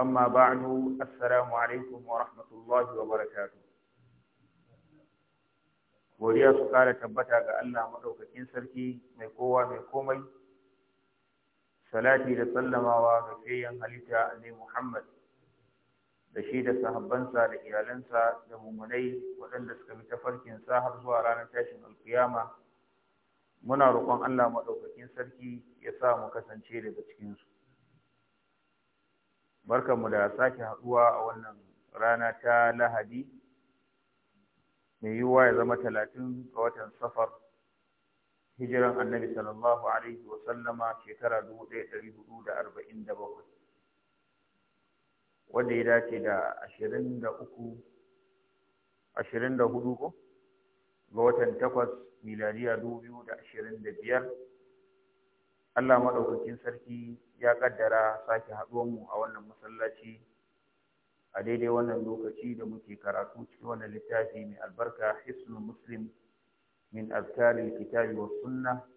أما بعد السلام عليكم ورحمة الله وبركاته godiya su ƙara tabbata ga Allah maɗaukakin sarki mai kowa mai komai salati da sallamawa ga fiyayyen halitta ne Muhammad da shi da sahabbansa da iyalansa da mumunai waɗanda suka bi farkin sa har zuwa ranar tashin alkiyama muna roƙon Allah maɗaukakin sarki ya sa mu kasance daga cikinsu barkanmu da sake haɗuwa a wannan rana ta lahadi mai yiwuwa ya zama talatin ga watan safar hijiran annabi sallallahu alaihi wa sallama shekara dubu ɗaya ɗari hudu da arba'in da bakwai wanda ya dace da ashirin da uku ashirin da hudu ko ga watan takwas miladiya dubu biyu da ashirin da biyar Allah maɗaukakin sarki ya ƙaddara sake mu a wannan masallaci a daidai wannan lokaci da muke karatu cikin wannan littafi mai albarka hisnu muslim min azkari kitabi wa sunna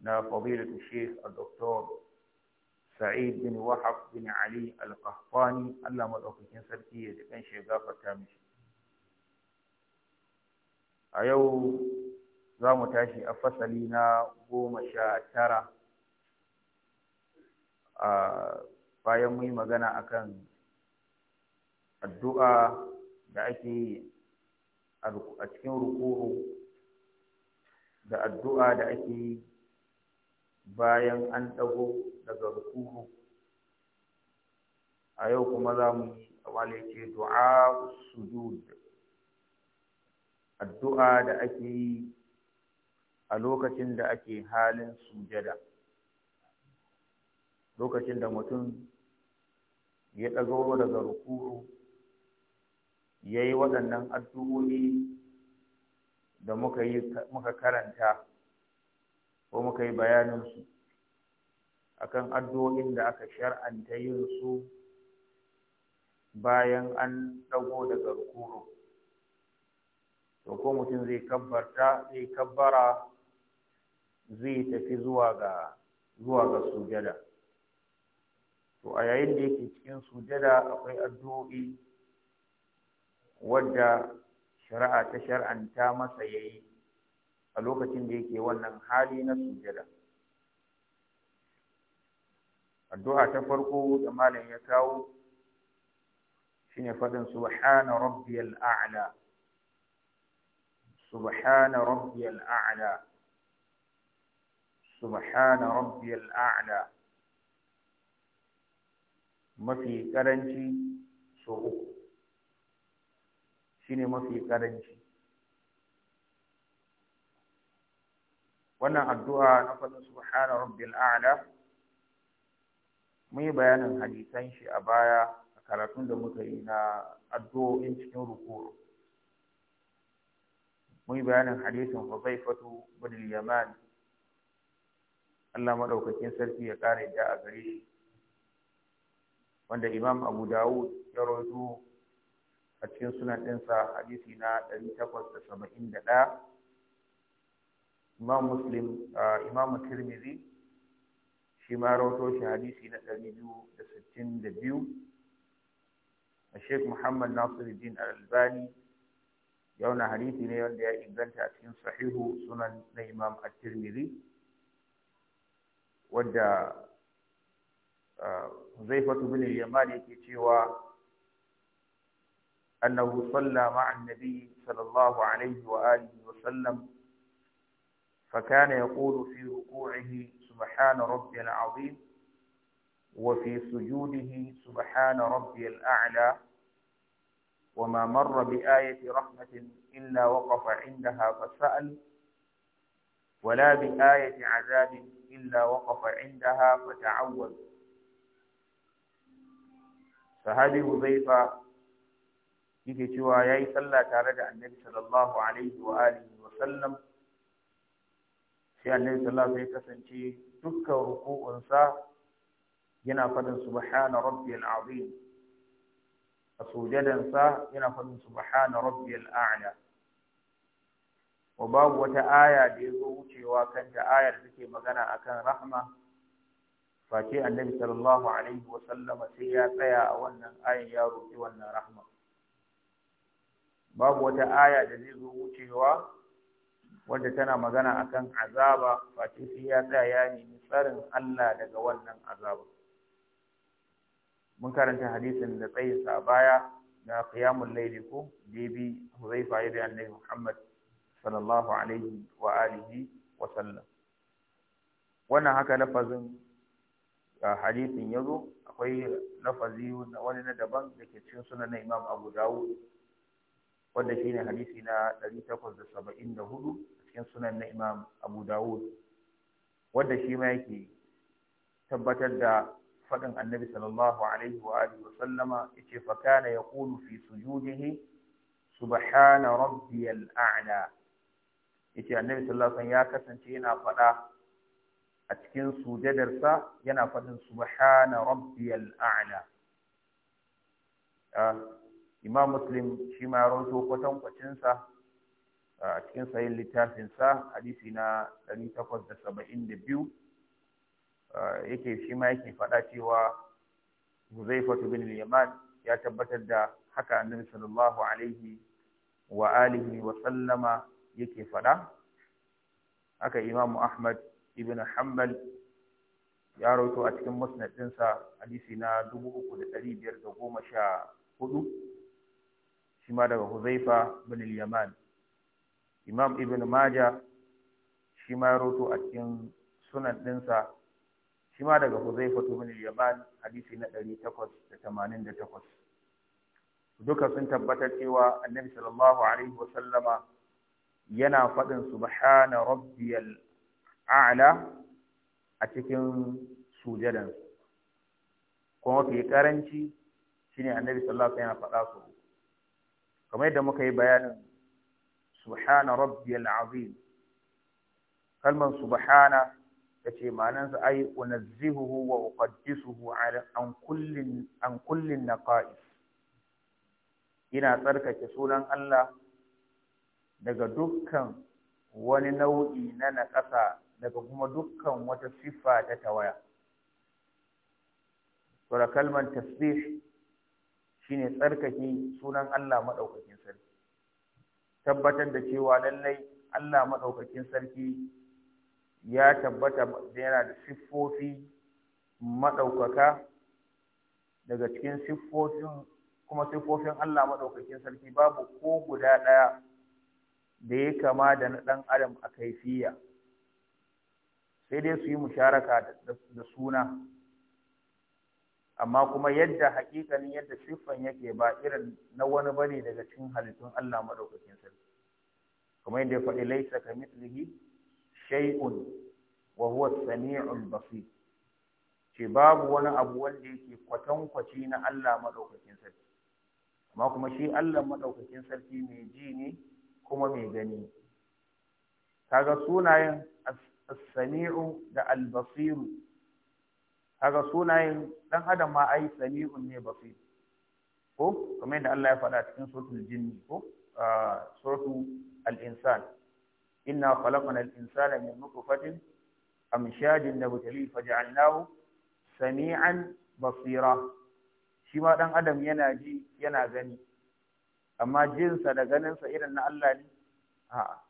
na fadilatu sheikh al-doktor sa'id bin wahab bin ali al-qahtani Allah maɗaukakin sarki ya ji kan gafarta mishi a yau za mu tashi a fasali na goma sha tara a bayan mun yi magana akan addu'a da ake yi a cikin ruku'u da addu'a da ake yi bayan an ɗago daga ruku'u a yau kuma za mu yi wale ce du'a sujud addu'a da ake yi a lokacin da ake halin sujada. lokacin da mutum ya ɗago daga rukuru ya yi waɗannan addu'o'i da muka karanta ko muka yi bayaninsu kan addu'o'in da aka shar'anta yin su bayan an ɗago daga rukuru to ko mutum zai kabbarta zai kabbara zai tafi zuwa ga zuwa ga sujada to a yayin da yake cikin sujada akwai addu'o'i wadda shari'a ta shar'anta masa yayi a lokacin da yake wannan hali na sujada addu'a ta farko da malam ya kawo shine faɗin subhana rabbiyal a'la subhana rabbiyal a'la subhana rabbiyal a'la mafi karanci so uku shine mafi karanci wannan addu'a na faɗin subhana rabbil a'la mun yi bayanin hadisan shi a baya a karatun da muka yi na addu'o'in cikin rukuru mun yi bayanin hadisin Huzaifatu bin Yaman Allah madaukakin sarki ya kare da a gare shi wanda imam abu dawud ya rawaito a cikin sunan ɗinsa hadisi na 871 imam muslim imam tirmidhi shi ma rawaito shi hadisi na 262 Sheikh Muhammad Nasiruddin Al-Albani ya wani hadisi ne wanda ya inganta a cikin sahihu sunan na Imam tirmidhi wadda Huzaifatu bin al-Yaman yake cewa annahu salla ma'a an-nabi sallallahu alaihi wa alihi فكان يقول في ركوعه سبحان ربي العظيم وفي سجوده سبحان ربي الأعلى وما مر بآية رحمة إلا وقف عندها فسأل ولا بآية عذاب إلا وقف عندها فتعوذ sahabi huzaifa yake cewa ya yi sallah tare da annabi sallallahu alaihi wa alihi wa sallam sai annabi sallallahu alaihi kasance dukkan ruku'unsa yana faɗin subhana rabbiyal azim a sujadansa yana faɗin subhana rabbiyal a'la wa babu wata aya da ya zo wucewa kanta ayar da take magana akan rahma face annabi sallallahu alaihi wa sallama sai ya tsaya a wannan ayan ya roƙi wannan rahma babu wata aya da zai zo wucewa wanda tana magana akan azaba face sai ya tsaya ya nemi tsarin Allah daga wannan azaba mun karanta hadisin da tsayinsa a baya na qiyamul layli ko bibi Huzaifa ya bi annabi Muhammad sallallahu alaihi wa alihi wa sallam wannan haka lafazin hadisin ya zo akwai lafazi wani na daban da ke cikin suna na imam abu dawud wanda ne hadisi na 874 cikin suna na imam abu dawud wanda shi ma yake tabbatar da faɗin annabi sallallahu alaihi wa alihi wa sallama yace fa kana yaqulu fi sujudihi subhana rabbiyal a'la yace annabi sallallahu alaihi ya kasance yana faɗa a cikin sujadarsa yana faɗin subhana rabbiyal a'la ah, imam muslim shi ma rauto kwatankwacinsa sa ah, a cikin sayin littafinsa hadisi na 872 ah, yake shi ma yake faɗa cewa Huzaifatu bin liyaman ya tabbatar da haka annabi sallallahu alaihi wa alihi wa sallama yake faɗa haka Imam Ahmad ibn Hanbal ya rawaito a cikin musnad ɗinsa hadisi na 3514 shi ma daga Huzaifa bin al-Yaman Imam Ibn Majah shi ma ya rawaito a cikin sunan ɗinsa shi ma daga Huzaifa bin al-Yaman hadisi na 888 duka sun tabbatar cewa Annabi sallallahu alaihi wa sallama yana faɗin subhana rabbiyal a'la a cikin sujadan kuma mafi karanci shine annabi sallallahu alaihi wasallam faɗa su kamar yadda muka yi bayanin subhana rabbiyal azim kalman subhana yace sa ai unazzihuhu wa uqaddisuhu an kullin an kullin naqais ina tsarkake sunan Allah daga dukkan wani nau'i na naƙasa daga kuma dukkan wata siffa ta tawaya saboda kalmar tasbih shine tsarkake sunan Allah madaukakin sarki tabbatar da cewa lallai Allah madaukakin sarki ya tabbata yana da siffofi madaukaka daga cikin siffofin kuma siffofin Allah maɗaukakin sarki babu ko guda ɗaya da ya kama da na ɗan adam a kaifiya sai dai su yi musharaka da suna amma kuma yadda hakikanin yadda siffan yake ba irin na wani bane daga cikin halittun Allah madaukakin sarki kuma inda ya faɗi laisa ka mithlihi shay'un wa huwa as-sami'ul basir ce babu wani abu wanda yake kwatan kwaci na Allah madaukakin sarki amma kuma shi Allah madaukakin sarki mai ji ne kuma mai gani kaga sunayen samiu da al-basiru kaga sunayen dan adam ma ai sami'u ne basir ko kamar yadda Allah ya faɗa cikin suratul jinni ko suratul al-insan inna khalaqna al-insana min nutfatin amshajin nabtali faj'alnahu sami'an basira shi ma dan adam yana ji yana gani amma jinsa da ganinsa irin na Allah ne a'a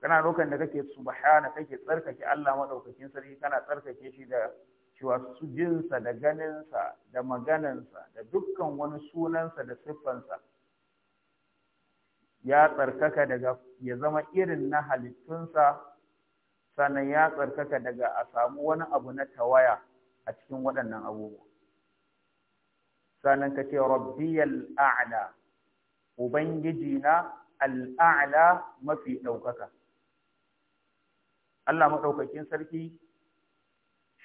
kana lokacin da kake subhana kake tsarkake Allah madaukakin sarki kana tsarkake shi da cewa jinsa da ganinsa da maganansa da dukkan wani sunansa da siffansa ya tsarkaka daga ya zama irin na halittunsa sannan ya tsarkaka daga a samu wani abu na tawaya a cikin waɗannan abubuwa sannan ka ce rabbiyal a'la ubangijina na al'a'la mafi ɗaukaka Allah maɗaukakin sarki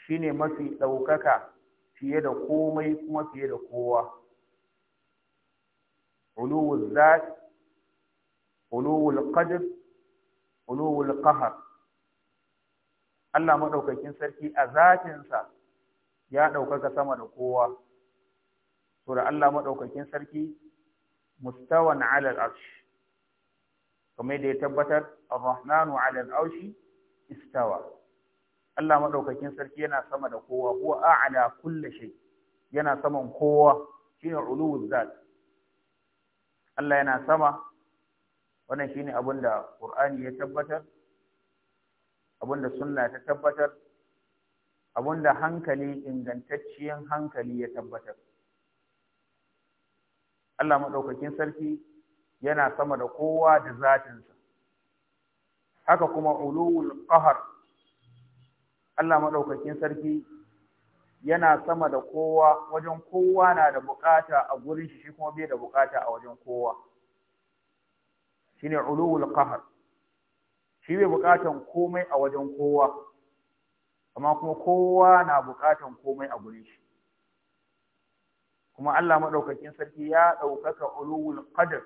shine mafi ɗaukaka fiye da komai kuma fiye da kowa uluwul zat uluwul qadr uluwul Allah maɗaukakin sarki a zafinsa ya ɗaukaka sama da kowa to Allah maɗaukakin sarki mustawan ala al'arsh kamar da ya tabbatar ar-rahmanu ala arshi. istawa Allah madaukakin sarki yana sama da kowa huwa a'la kulli shay yana saman kowa shine uluwuz zat Allah yana sama wannan shine abinda Qur'ani ya tabbatar abinda sunna ta tabbatar abinda hankali ingantacciyen hankali ya tabbatar Allah madaukakin sarki yana sama da kowa da zatinsa haka kuma ulul qahar Allah madaukakin sarki yana sama da kowa wajen kowa na da bukata a gurin shi kuma bai da bukata a wajen kowa shine ulul qahar shi bai bukatan komai a wajen kowa amma kuma kowa na bukatan komai a gurin shi kuma Allah madaukakin sarki ya daukaka ulul qadar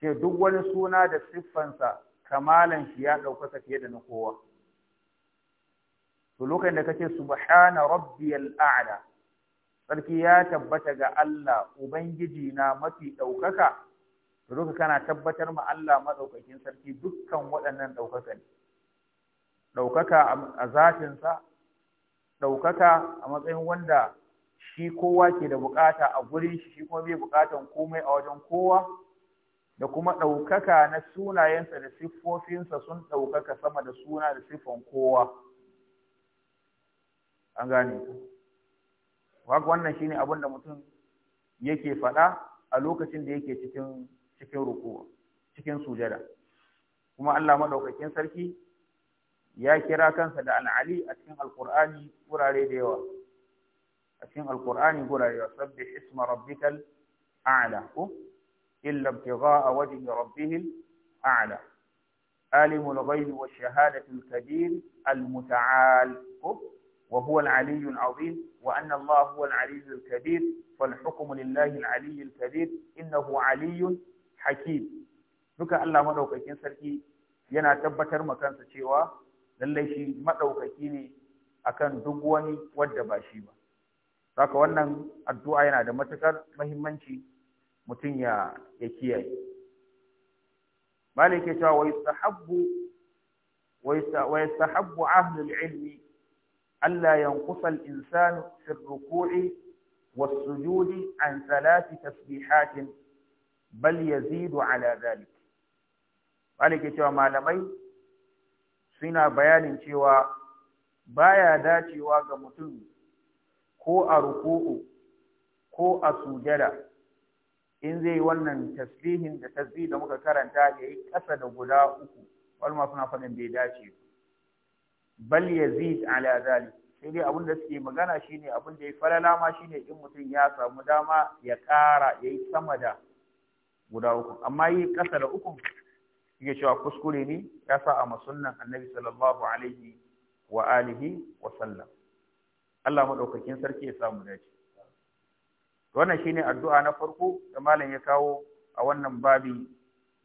ce duk wani suna da siffansa kamalan shi ya ɗaukaka fiye da na kowa to da kace subhana rabbiyal a'la sarki ya tabbata ga Allah ubangiji na mafi ɗaukaka to kana tabbatar ma Allah madaukakin sarki dukkan waɗannan ɗaukaka ne ɗaukaka a zafinsa ɗaukaka a matsayin wanda shi kowa ke da bukata a gurin shi shi kuma bai bukatan komai a wajen kowa da kuma ɗaukaka na sunayensa da siffofinsa sun ɗaukaka sama da suna da siffon kowa an gane ku haka wannan shi ne abin da mutum yake faɗa a lokacin da yake cikin cikin cikin sujada kuma Allah maɗaukakin sarki ya kira kansa da al'ali a cikin alqur'ani wurare da yawa a cikin alqur'ani gurare sabbih isma rabbikal a'la ko إلا ابتغاء وجه ربه الأعلى عالم الغيب والشهادة الكبير المتعال وهو العلي العظيم وأن الله هو العلي الكبير فالحكم لله العلي الكبير إنه علي حكيم duka Allah madaukakin sarki yana tabbatar ma kansa cewa lallai shi madaukaki ne akan duk wani wanda ba shi ba saka wannan addu'a yana da matukar muhimmanci mutum ya kiyaye malik ya cewa wa yustahabbu wa yustahabbu ilmi allah yanqusa al-insanu fi rukui was-sujudi an thalath tasbihatin bal yazidu ala dhalik malik ya cewa malamai suna bayanin cewa baya dacewa ga mutum ko a ruku'u ko a sujada in zai yi wannan tasbihin da tasbih da muka karanta ya yi ƙasa da guda uku walma suna faɗin bai dace bal yazid ala zalik sai dai abin da suke magana shine abin da ya falala ma shine in mutum ya samu dama ya ƙara ya yi sama da guda uku amma yi ƙasa da uku suke cewa kuskure ne ya sa a masunnan annabi sallallahu alaihi wa alihi wa sallam Allah madaukakin sarki ya samu dace wannan shine addu'a na farko da malam ya kawo a wannan babi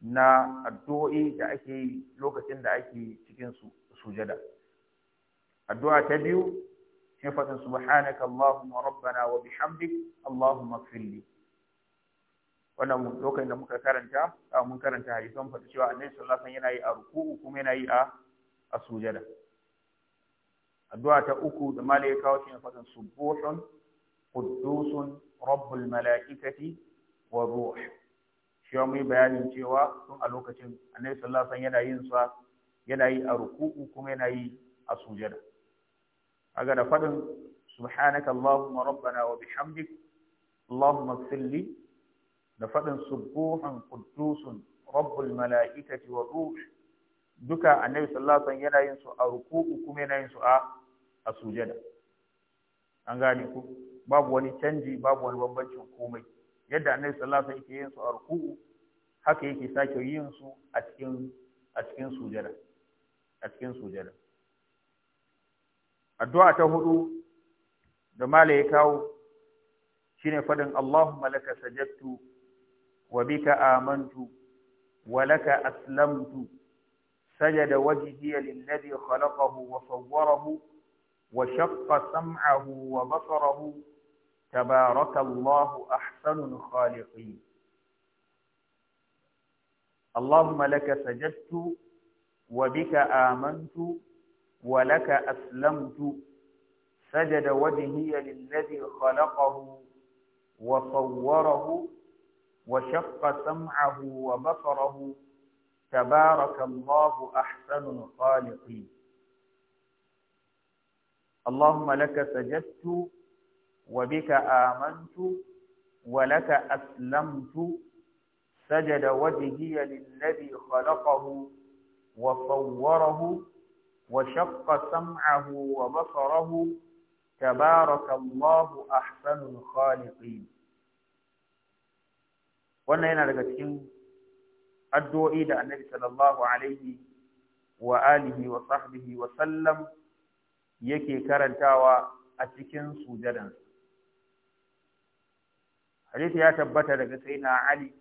na addu'o'i da ake yi lokacin da ake cikin sujada addu'a ta biyu shi fadin subhanaka allahumma rabbana wa bihamdik allahumma ighfirli wannan lokacin da muka karanta a mun karanta hadisan fata cewa annabi sallallahu alaihi wasallam yana yi a ruku'u kuma yana yi a sujada addu'a ta uku da malai ya kawo shi ne su subuhun quddusun rabbul mala'ikati wa Shi ya mu bayanin cewa tun a lokacin annabi sallallahu alaihi wasallam yana yin sa yana yi a ruku'u kuma yana yi a sujada aga da fadin subhanaka allahumma rabbana wa bihamdik allahumma ighfir li da fadin subuhan quddusun rabbul mala'ikati wa ruh duka annabi sallallahu alaihi wasallam yana yin su a ruku'u kuma yana yin su a a sujada an gane ku babu wani canji babu wani bambancin komai yadda annabi sallallahu alaihi wasallam yake yin su a ruku'u haka yake sake yin su a cikin a cikin sujada a cikin sujada addu'a ta hudu da malai ya kawo shine fadin Allahumma laka sajadtu wa bika amantu wa laka aslamtu sajada wajhiya lilladhi khalaqahu wa sawwarahu وشق سمعه وبصره تبارك الله أحسن الخالقين اللهم لك سجدت وبك آمنت ولك أسلمت سجد وجهي للذي خلقه وصوره وشق سمعه وبصره تبارك الله أحسن الخالقين اللهم لك سجدت وبك آمنت ولك أسلمت سجد وجهي للذي خلقه وصوره وشق سمعه وبصره تبارك الله أحسن الخالقين wannan yana daga cikin addu'o'i da annabi sallallahu alaihi wa alihi wa sahbihi wa sallam yake karantawa a cikin sujadansa hadisi ya tabbata daga na ali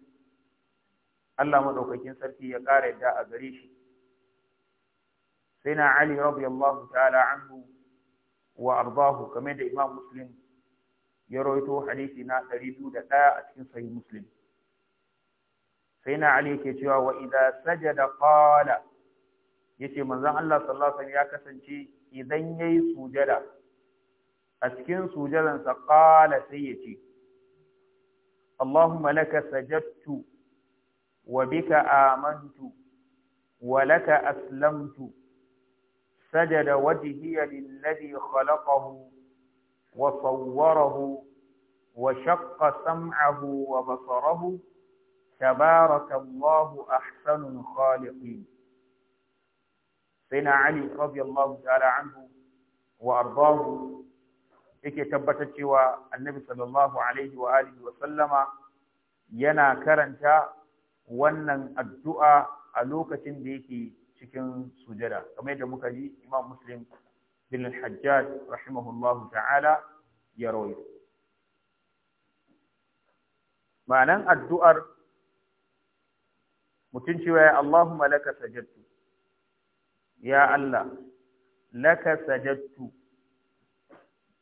Allah madaukakin sarki ya kare da a gare shi na ali radiyallahu ta'ala anhu wa ardahu kamar da imam muslim ya rawaito hadisi na 201 a cikin sahih muslim na ali yake cewa wa idza sajada qala yace manzon Allah sallallahu alaihi wasallam ya kasance idan yayi sujada a cikin sujadan sa qala sai yace اللهم لك سجدت وبك آمنت ولك أسلمت سجد وجهي للذي خلقه وصوره وشق سمعه وبصره تبارك الله أحسن الخالقين سيدنا علي رضي الله تعالى عنه وأرضاه yake tabbatar cewa annabi sallallahu alaihi wa alihi wa sallama yana karanta wannan addu'a a lokacin da yake cikin sujada kamar yadda muka yi imam muslim bin al-hajjaj rahimahullahu ta'ala ya rawaito ma'anan addu'ar mutum cewa ya Allahumma laka sajadtu ya Allah laka sajadtu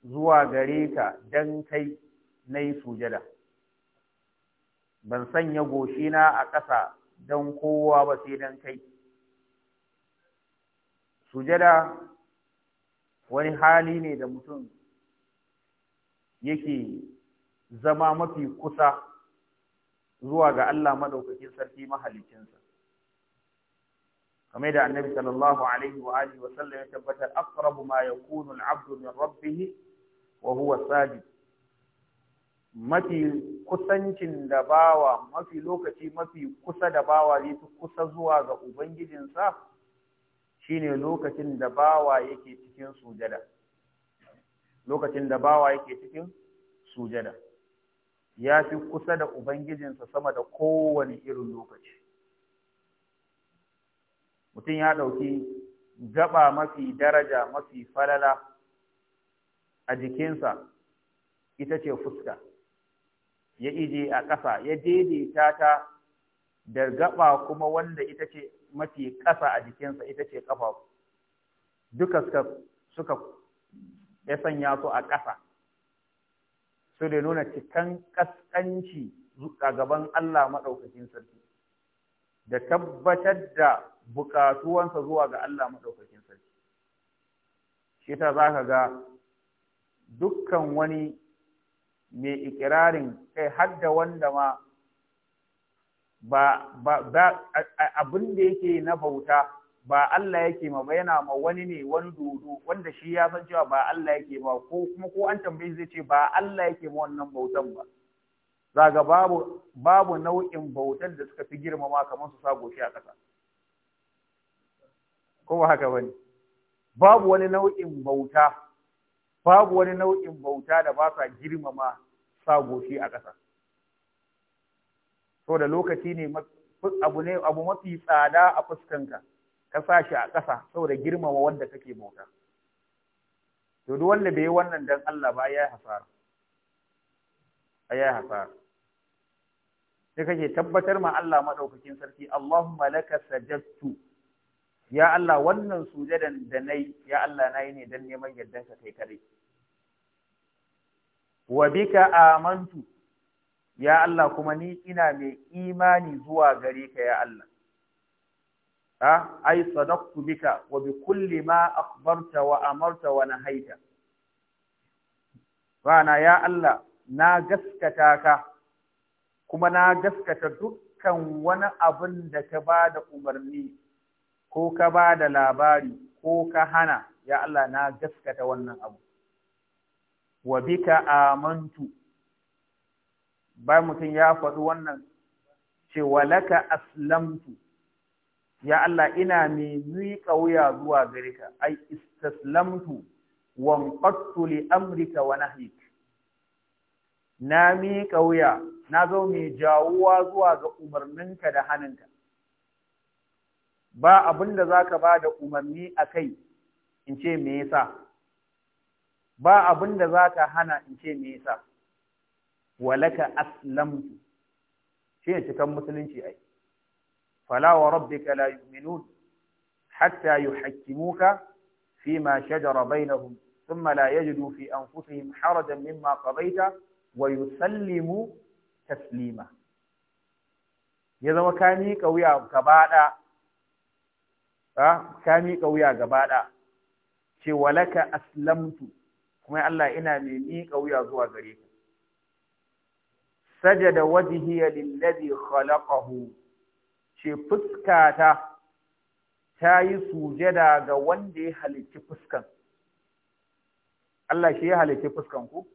zuwa gare ka dan kai na yi sujada ban sanya goshina a ƙasa don kowa ba sai dan kai sujada wani hali ne da mutum yake zama mafi kusa zuwa ga Allah maɗaukakin sarki mahalicinsa kamar da annabi sallallahu alaihi wa alihi wa sallam ya tabbatar aqrabu ma yakunu al-'abdu min rabbihi wa huwa sajid mafi kusancin da bawa mafi lokaci mafi kusa da bawa zai kusa zuwa ga ubangijinsa shine lokacin da bawa yake cikin sujada lokacin da bawa yake cikin sujada ya fi kusa da ubangijinsa sama da kowane irin lokaci mutum ya ɗauki gaba mafi daraja mafi falala a jikinsa ita ce fuska ya ije a ƙasa ya daidaita ta da gaba kuma wanda ita ce mafi ƙasa a jikinsa ita ce ƙafa duka suka ya sanya su a ƙasa su da nuna cikan ƙasƙanci a gaban Allah maɗaukakin sarki da tabbatar da buƙatuwansa zuwa ga Allah maɗaukakin sarki shi ta za ka ga dukkan wani mai ikirarin kai har da wanda ma ba abin da yake na bauta ba Allah yake ma ba yana ma wani ne wani dodo wanda shi ya san cewa ba Allah yake ba ko kuma ko an tambaye zai ce ba Allah yake ma wannan bautan ba zaga babu babu nau'in bautan da suka fi girmama kamar su sa goshi a ƙasa ko haka bane babu wani nau'in bauta babu wani nau'in bauta da ba sa girmama sa a ƙasa so da lokaci ne abu ne abu mafi tsada a fuskanka ka sa shi a ƙasa saboda girmama wanda kake bauta to duk wanda bai yi wannan dan Allah ba ya hasara ya hasara sai kake tabbatar ma Allah maɗaukakin sarki Allahumma laka sajadtu ya Allah wannan sujadan da nayi ya Allah yi ne dan neman ka kai kadai wa bika amantu ya Allah kuma ni ina mai imani zuwa gare ka ya Allah ha ai sadaqtu bika wa bi kulli ma akhbarta wa amarta wa nahaita bana ya Allah na gaskata ka kuma na gaskata dukkan wani abin da ka ba da umarni ko ka ba da labari ko ka hana ya Allah na gaskata wannan abu wa bika amantu Bai mutum ya faɗi wannan ce walaka aslamtu ya Allah ina mai miƙa wuya zuwa gare ka ai istaslamtu qattu li amrika wa nahyik na miƙa wuya na zo mai jawuwa zuwa ga umarninka da haninka ba abin da za ka ba da umarni a kai in ce me yasa ba abin da za ka hana in ce me yasa walaka aslamtu shi ne cikan musulunci ai fala wa rabbika la yu'minun hatta yuhakkimuka fima shajara bainahum thumma la yajidu fi anfusihim harajan mimma qadaita wa yusallimu taslima ya zama ka miƙa wuya gaba ɗaya ka miƙa wuya gaba ɗaya ce walaka aslamtu kuma Allah ina mai miƙa wuya zuwa gare ka sajada wajhiya lillazi khalaqahu ce fuskata ta yi sujada ga wanda ya halicci fuskan Allah shi ya halicci fuskan ku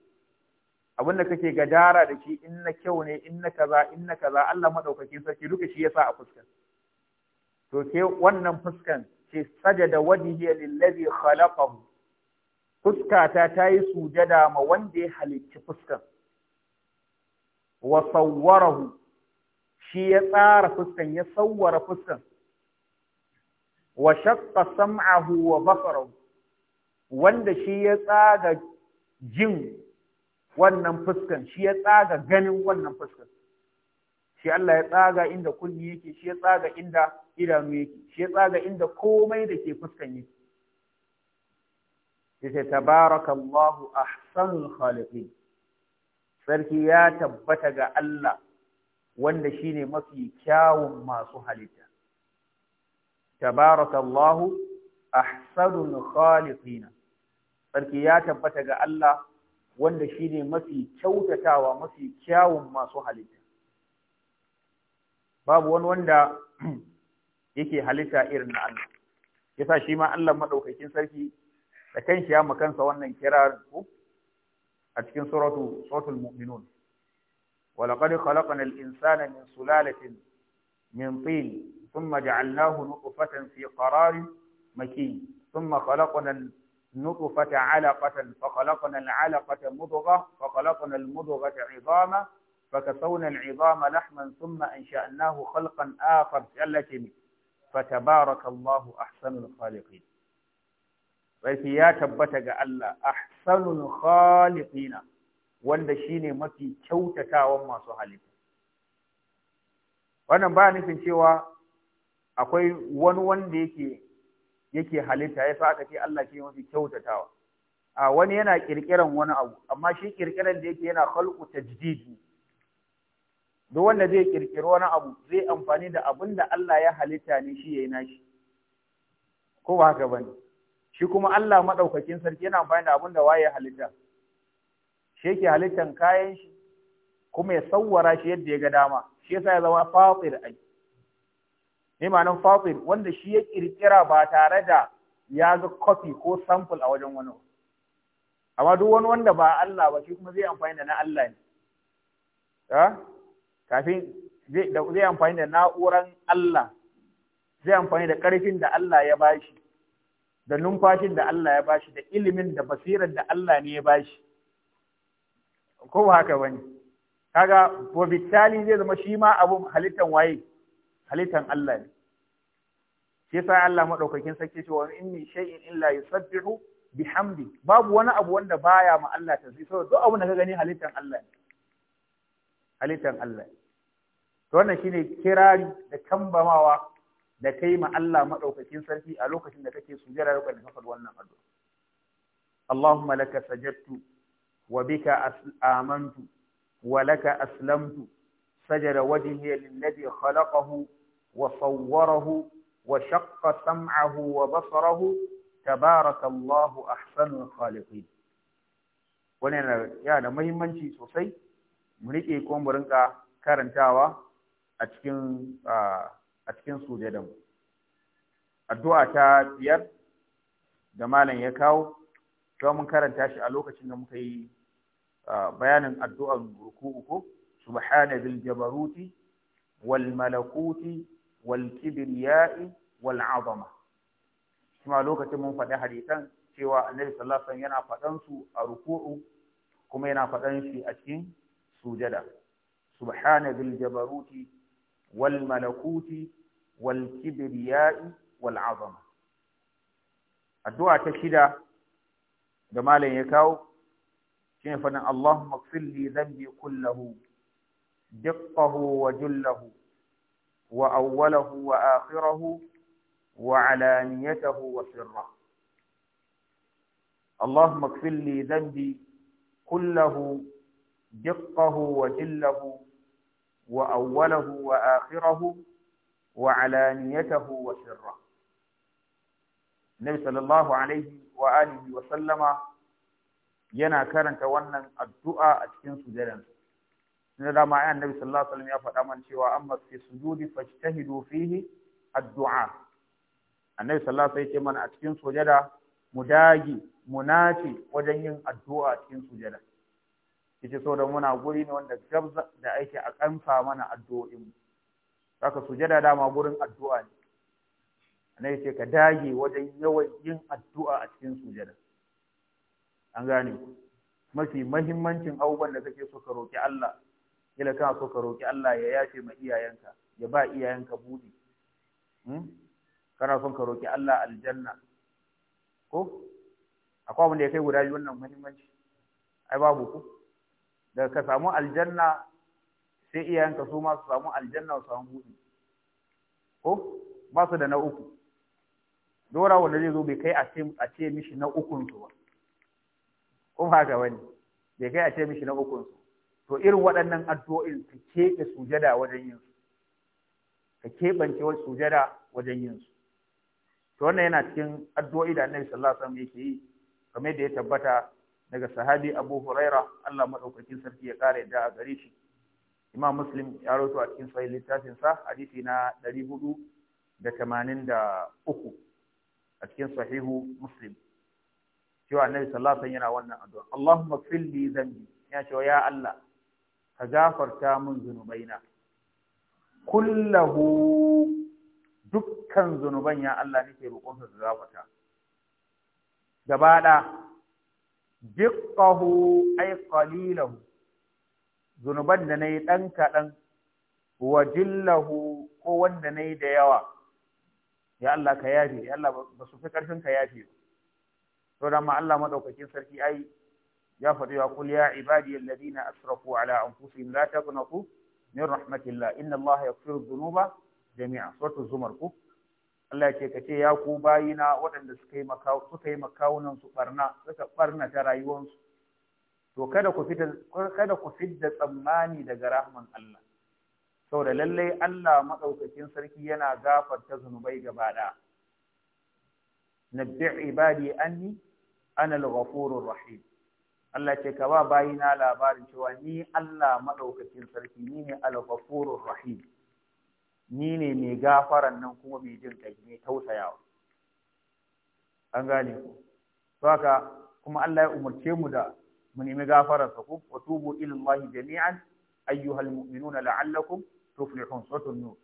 abinda kake gadara da shi inna kyau ne in na kaza in kaza Allah madaukakin sarki duka shi yasa a fuskan to sai wannan fuskan ce sajada wajhiya lillazi khalaqahu fuskata ta yi sujada ma wanda ya halicci fuskan wa sawwarahu shi ya tsara fuskan ya sawwara fuskan wa shaqqa sam'ahu wa basarahu wanda shi ya tsaga jin wannan fuskan shi ya tsaga ganin wannan fuskan shi Allah ya tsaga inda kunni yake shi ya tsaga inda idanu yake shi ya tsaga inda komai da ke fuskan yake yace tabarakallahu ahsanul khaliqin sarki ya tabbata ga Allah wanda shine mafi kyawun masu halitta tabarakallahu ahsanul khaliqin sarki ya tabbata ga Allah wanda shine mafi kyautatawa mafi kyawun masu halitta babu wani wanda yake halitta irin na Allah yasa shi ma Allah madaukakin sarki da kanshi ya makansa wannan kira ku a cikin suratu suratul mu'minun ولقد خلقنا الإنسان من سلالة من طين ثم جعلناه نطفة في قرار مكين ثم خلقنا النطفة علقة فخلقنا العلقة مضغة فخلقنا المضغة عظاما فكسونا العظام لحما ثم أنشأناه خلقا آخر التي fatabarakallahu ahsanul khaliqin sarki ya tabbata ga Allah ahsanul khaliqina wanda shine mafi kyautatawan masu halitta wannan ba nufin cewa akwai wani wanda yake halitta ya sa aka ce Allah shi mafi kyautatawa a wani yana ƙirƙiran wani abu amma shi ƙirƙiran da yake yana khalqu tajdidi duk wanda zai kirkiri wani abu zai amfani da abin da Allah ya halitta ne shi yayi nashi ko ba haka bane shi kuma Allah madaukakin sarki yana amfani da abin da waye halitta shi yake halittan kayan shi kuma ya sawwara shi yadda ya ga dama shi yasa ya zama fatir ai ne ma'anar fatir wanda shi ya kirkira ba tare da ya ga copy ko sample a wajen wani amma duk wani wanda ba Allah ba shi kuma zai amfani da na Allah ne ah? kafin zai amfani da na'uran Allah zai amfani da ƙarfin da Allah ya bashi da numfashin da Allah ya bashi da ilimin da basirar da Allah ne ya bashi ko haka bane kaga wa bitali zai zama shi ma abun halittan waye halittan Allah ne shi yasa Allah madaukakin sarki cewa in min shay'in illa yusabbihu bihamdi babu wani abu wanda baya ma Allah tasbih saboda duk abun da ka gani halittan Allah ne halittan Allah to wannan shine kirari da kambamawa da kai ma Allah madaukakin sarki a lokacin da kake sujjada da kake faɗi wannan addu'a Allahumma laka sajadtu wa bika amantu wa laka aslamtu sajada wajhi lilladhi khalaqahu wa sawwarahu wa shaqqa sam'ahu wa basarahu tabarakallahu ahsanul khaliqin wannan yana da muhimmanci sosai mu riƙe ko mu karantawa a cikin a cikin addu'a ta biyar da malam ya kawo to mun karanta shi a lokacin da muka yi bayanin addu'ar ruku'u ko subhana bil jabaruti wal malakuti wal kibriyai wal azama kuma lokacin mun faɗi hadisan cewa annabi sallallahu alaihi yana faɗan su a ruku'u kuma yana faɗan shi a cikin سجدا سبحان ذي الجبروت والملكوت والكبرياء والعظمة الدعاء تشدا da malam ya kawo shine fadin Allahumma ighfir li dhanbi kullahu diqqahu wa jullahu wa awwalahu wa akhirahu wa alaniyatahu wa sirrahu اللهم اغفر لي ذنبي كله دقه وجله وأوله وآخره وعلانيته وسره النبي صلى الله عليه وآله وسلم yana karanta wannan addu'a a cikin sujadan ne da ma annabi sallallahu alaihi wasallam ya faɗa man cewa amma fi sujudi fajtahidu fihi addu'a annabi sallallahu ya ce mana a cikin sujada mu dagi mu nace wajen yin addu'a a cikin sujada so da muna guri ne wanda gabza da ake a kansa mana addu'o'in mu saka sujada dama gurin addu'a ne ana yace ka dage wajen yawan yin addu'a a cikin sujada an gane ku mafi mahimmancin abubuwan da kake so ka roki Allah kila kana so ka roki Allah ya yafe ma iyayenka ya ba iyayenka buɗi hmm? kana son ka roki Allah aljanna ko akwai abin da ya kai guda biyu wannan muhimmanci ai babu ku daga ka samu aljanna sai iyayenka su ma su samu aljanna su samu buɗi ko ba su da na uku dora wanda zai zo bai kai a ce mishi na ukun su ba ko ba ga wani bai kai a ce mishi na ukun su to irin waɗannan addu'o'in ka keɓe sujada wajen yin su ka keɓance wani sujada wajen yin su to wannan yana cikin addu'o'i da annabi sallallahu alaihi wasallam yake yi kamar da ya tabbata daga sahabi Abu Huraira Allah madaukakin sarki ya kare da a gare shi Imam Muslim ya rawaito a cikin sahih littafin sa hadisi na 483 a cikin sahihu Muslim cewa Annabi sallallahu alaihi wasallam yana wannan addu'a Allahumma fil li dhanbi ya cewa ya Allah ka gafarta min zunubaina kullahu dukkan zunuban ya Allah nake roƙonsa ka gafarta gaba ɗaya diqqahu ay qalilahu zunuban da nayi dan kadan wa jillahu ko wanda nayi da yawa ya Allah ka yafe ya Allah ba su fi karfin ka yafe to dan ma Allah madaukakin sarki ai ya faɗi wa qul ya ibadi alladhina asrafu ala anfusihim la taqnatu min rahmatillah inna Allah yaghfiru dhunuba jami'a suratul zumar ku Allah ce ka ce ya ku bayina waɗanda suka yi suka su barna suka barna ta rayuwansu to kada ku fita fidda tsammani daga rahman Allah saboda lallai Allah maɗaukakin sarki yana gafarta zunubai gaba da nabbi ibadi anni ana al rahim Allah ce ka ba bayina labarin cewa ni Allah madaukakin sarki ni ne al-ghafurur rahim ni ne mai gafaran nan kuma mai jin kai mai tausayawa an gane ku to haka kuma Allah ya umarce mu da mu nemi gafararsa ku wa tubu ila Allah jami'an ayyuhal mu'minuna la'allakum tuflihun suratul nur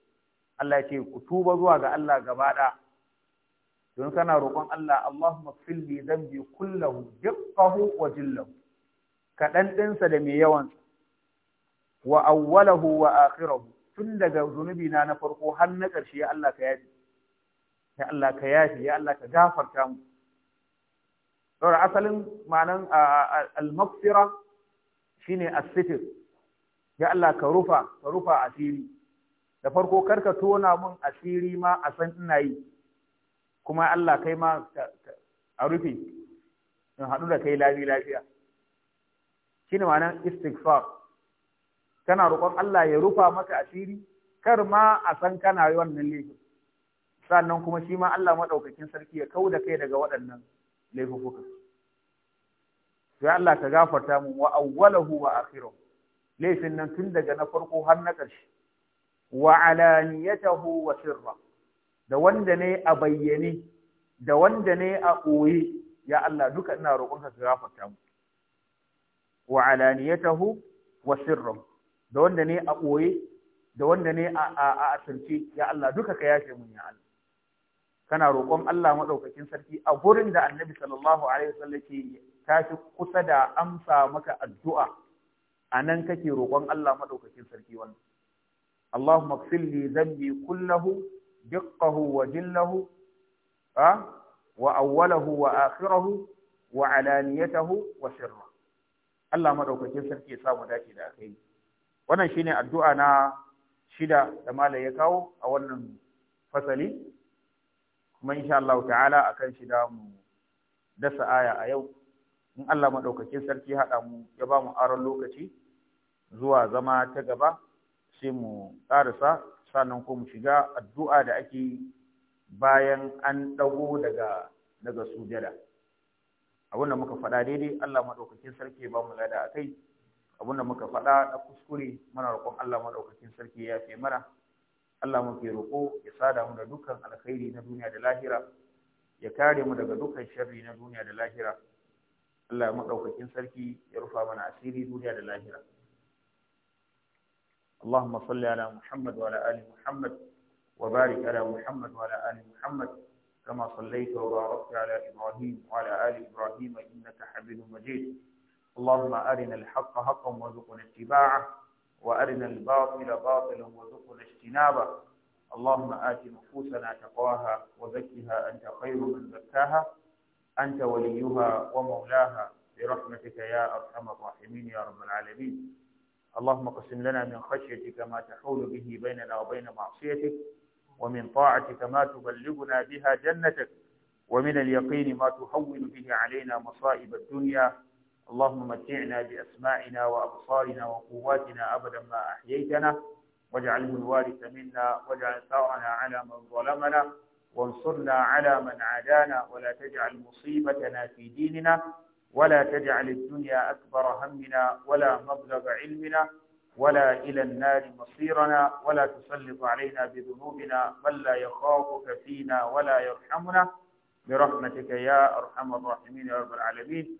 Allah ya ce ku tuba zuwa ga Allah gaba da don kana roƙon Allah Allahumma fil bi dhanbi kullahu diqqahu wa jillahu kadan dinsa da mai yawan wa awwalahu wa akhirahu tun daga zunubi na na farko har na ƙarshe ya Allah ka yafi ya Allah ka yafi ya Allah ka gafarta mu saboda asalin ma'anan al-maghfira shine as-sitr ya Allah ka rufa ka rufa asiri da farko kar ka tona mun asiri ma a san ina yi kuma Allah kai ma a rufe in haɗu da kai lafiya lafiya shine ma'anan istighfar kana roƙon Allah ya rufa maka asiri kar ma a san kana yi wannan laifin sannan kuma shi ma Allah maɗaukakin sarki ya kau kai daga waɗannan laifuka sai Allah ka gafarta mu wa awwalahu wa akhirahu laifin nan tun daga na farko har na ƙarshe wa alaniyatahu wa sirra da wanda ne a bayyane da wanda ne a ɓoye ya Allah duka ina roƙonka ka gafarta mu wa alaniyatahu wa sirra da wanda ne a ɓoye da wanda ne a asirce ya Allah duka ka yafe mun ya Allah kana roƙon Allah maɗaukakin sarki a gurin da annabi sallallahu alaihi wasallam ke tafi kusa da amsa maka addu'a a nan kake roƙon Allah maɗaukakin sarki wannan Allahumma ighfir li dhanbi kullahu diqqahu wa jillahu wa awwalahu wa akhirahu wa alaniyatahu wa sirra Allah maɗaukakin sarki ya samu dace da akai wannan shine addu'a na shida da malai ya kawo a wannan fasali kuma insha Allah ta'ala akan shida mu dasa aya a yau in Allah madaukakin sarki hada mu ya ba mu aron lokaci zuwa zama ta gaba sai mu karasa sannan ko mu shiga addu'a da ake bayan an dago daga daga sujada abin da muka faɗa daidai Allah madaukakin sarki ya ba mu lada akai abin da muka faɗa na kuskure muna roƙon Allah maɗaukakin sarki ya yafe mana Allah muke roƙo ya sada mu da dukkan alkhairi na duniya da lahira ya kare mu daga dukkan sharri na duniya da lahira Allah maɗaukakin sarki ya rufa mana asiri duniya da lahira اللهم صل على محمد وعلى آل محمد وبارك على محمد وعلى آل محمد كما صليت وباركت على إبراهيم وعلى آل إبراهيم إنك حميد مجيد اللهم أرنا الحق حقا وارزقنا اتباعه وأرنا الباطل باطلا وارزقنا اجتنابه اللهم آت نفوسنا تقواها وزكها أنت خير من زكاها أنت وليها ومولاها برحمتك يا أرحم الراحمين يا رب العالمين اللهم قسم لنا من خشيتك ما تحول به بيننا وبين معصيتك ومن طاعتك ما تبلغنا بها جنتك ومن اليقين ما تهون به علينا مصائب الدنيا اللهم متعنا بأسماعنا وأبصارنا وقواتنا أبدا ما أحييتنا واجعله الوارث منا واجعل ثارنا على من ظلمنا وانصرنا على من عادانا ولا تجعل مصيبتنا في ديننا ولا تجعل الدنيا أكبر همنا ولا مبلغ علمنا ولا إلى النار مصيرنا ولا تسلط علينا بذنوبنا من لا يخافك فينا ولا يرحمنا برحمتك يا أرحم الراحمين يا رب العالمين